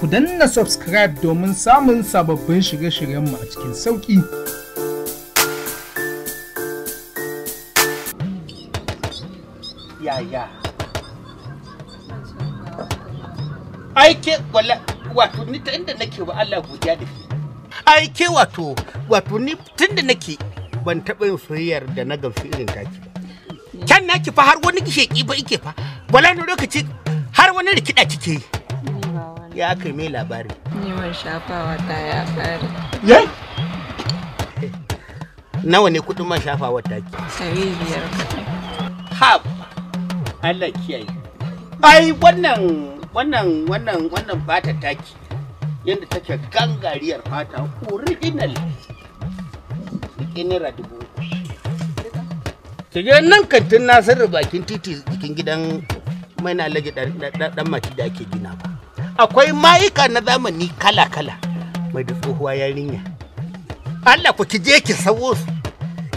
ku danna subscribe domin samun sababbin shirye-shiryenmu a cikin sauƙi. Yaya. Aike wala wato ni ta inda nake wa Allah godiya da ke. Aike wato wato ni tun da nake ban taɓa yin soyayyar da na gamsu irin taki. Can naki fa har wani gishe ba ike fa. Wala ni lokaci har wani rikida kike yi. ya kai mai labari neman shafawa ta ya tsari ya nawa ne kudin man shafawa ta ki sai biyar hab Allah kiyaye ai wannan wannan wannan wannan fata taki yadda take gangariyar fata original bikinira dubu uku nan kantin nasarar bakin titi jikin gidan mai na lagi dan mace da ake gina ba akwai mayuka na zamani kala-kala mai da tsohuwa yarinya Allah ku ki je ki sawo su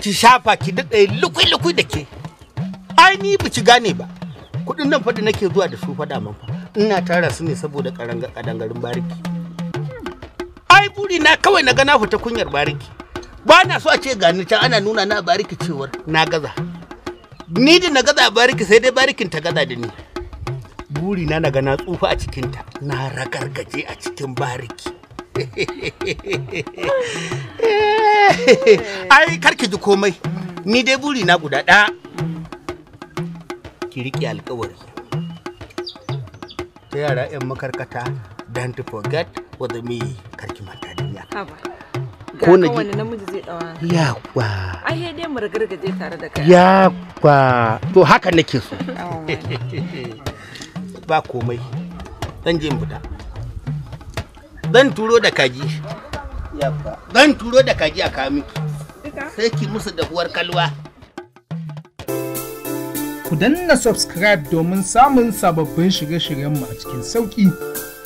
ki shafa ki daɗe lukui-lukui da ke ai ni ba ci gane ba kuɗin nan faɗi nake zuwa da su faɗa man fa ina tara su ne saboda kadangarin bariki ai buri na kawai na ga na fita kunyar bariki ba na so a ce gani can ana nuna na bariki cewar na gaza ni da na gaza bariki sai dai barikin ta gaza da ni buri na naga na tsufa a cikinta na ragargaje a cikin bariki ai karki ji komai ni dai buri na guda ɗaya ki riƙe alkawari ta yara 'yan makarkata dan to forget wadda me karki manta duniya ko na ji namiji zai dawa yakwa ai sai dai mu ragargaje tare da kai yakwa to haka nake so ba komai zan je in fita zan turo da kaji zan turo da kaji a kami miki sai ki musu dahuwar kalwa ku danna subscribe domin samun sababbin shirye-shiryenmu a cikin sauƙi